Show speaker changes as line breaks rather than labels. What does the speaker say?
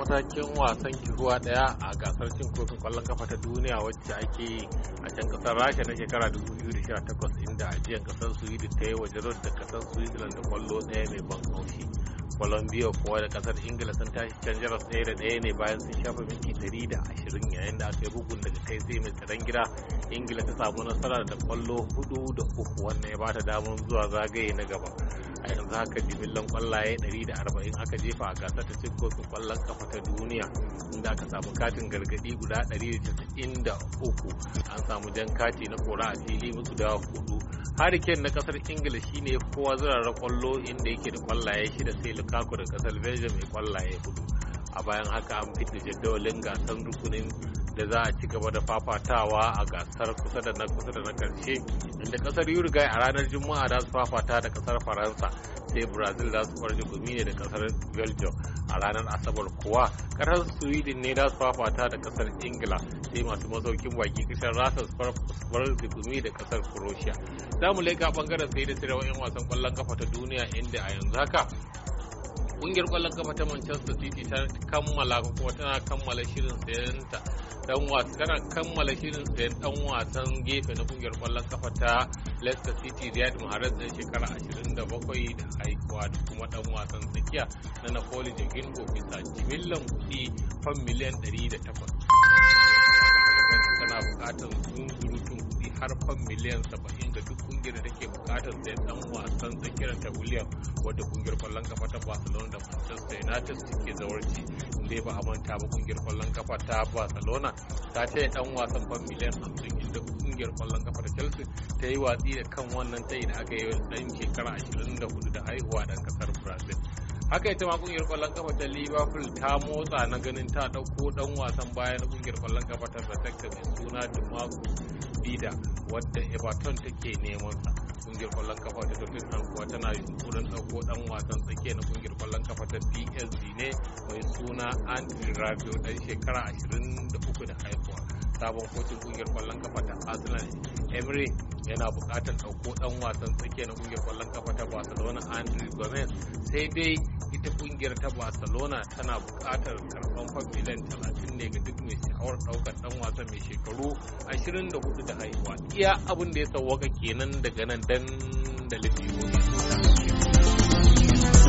matakin wasan kiruwa daya a gasar cin kofin kwallon kafa ta duniya wacce ake a can kasar rasha na shekara 2018 inda ajiyar kasar sweden ta yi wa da kasar switzerland da kwallo daya mai ban haushi colombia kuwa da kasar ingila sun tashi can jaras daya da daya ne bayan sun shafa minti 120 yayin da aka yi bugun daga kai sai mai tsaron gida ingila ta samu nasara da kwallo hudu da uku wannan ya bata damar zuwa zagaye na gaba haka yanzu haka jimillan kwallaye 140 aka jefa a gasar ta cin kofin kwallon kafa ta duniya inda aka samu katin gargadi guda 193 an samu jan kati na kora a fili guda hudu hariken na kasar ingila shine kowa zurara kwallo inda yake da kwallaye shida sai lukaku da kasar belgium mai kwallaye hudu a bayan haka an fita jadawalin gasar rukunin da za a ci gaba da fafatawa a gasar kusa da na kusa da na karshe inda kasar uruguay a ranar juma'a za su fafata da kasar faransa sai brazil za su farji gumi ne da kasar belgium a ranar asabar kuwa kasar sweden ne za su fafata da kasar ingila sai masu masaukin baki kasar su farji gumi da kasar croatia za mu leka bangaren sai da 'yan wasan kwallon kafa ta duniya inda a yanzu haka kungiyar kwallon kafa ta manchester city ta kammala kuma tana kammala shirin sayan ta dan wasa tana kammala shirin sayan dan wasan gefe na kungiyar kwallon kafa ta leicester city riyad mahrez da shekara 27 da haikuwa da kuma dan wasan tsakiya na napoli da gilgo bisa jimillan kuɗi fan miliyan 800 tana bukatar zunzurutun kudi har fan miliyan 70 kungiyar da take bukatar sai dan wasan tsakiyar ta William wadda kungiyar kwallon kafa ta Barcelona da Manchester United suke zawarci inda ba a manta ba kungiyar kwallon kafa ta Barcelona ta ce dan wasan ban miliyan 50 inda kungiyar kwallon kafa ta Chelsea ta yi watsi da kan wannan tayi da aka yi dan shekara 24 da haihuwa dan kasar haka ita ma kungiyar kwallon kafa ta liverpool ta motsa na ganin ta ɗauko dan wasan baya na kungiyar kwallon kafa ta zatakta mai suna dumaku bida wadda everton take neman sa kungiyar kwallon kafa da tottenham kuwa tana yunkurin dauko dan wasan tsakiya na kungiyar kwallon kafa ta psg ne mai suna andy rabio dan shekara 23 da haihuwa sabon kotun kungiyar kwallon kafa ta arsenal emery yana buƙatar ɗauko dan wasan tsakiya na kungiyar kwallon kafa ta barcelona andy gomez sai dai ita kungiyar ta barcelona tana bukatar karban fam miliyan 30 ne ga duk mai sha'awar ɗaukar dan wasan mai shekaru 24 da haihuwa iya abin da ya sauwaka kenan daga nan dan dandalin biyu